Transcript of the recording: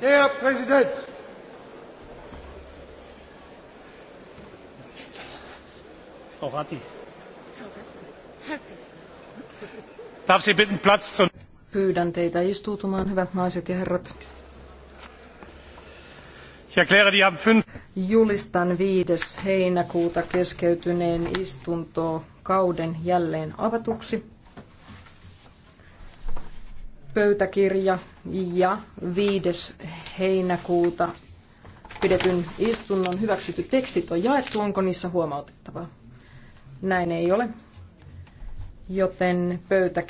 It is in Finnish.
Herr Präsident! Frau Ratti. Darf Sie bitten Platz zu Pyydän teitä istuutumaan, hyvät naiset ja herrat. Julistan 5. heinäkuuta keskeytyneen istuntokauden jälleen avatuksi pöytäkirja ja 5. heinäkuuta pidetyn istunnon hyväksytyt tekstit on jaettu. Onko niissä huomautettavaa? Näin ei ole, joten pöytäkirja.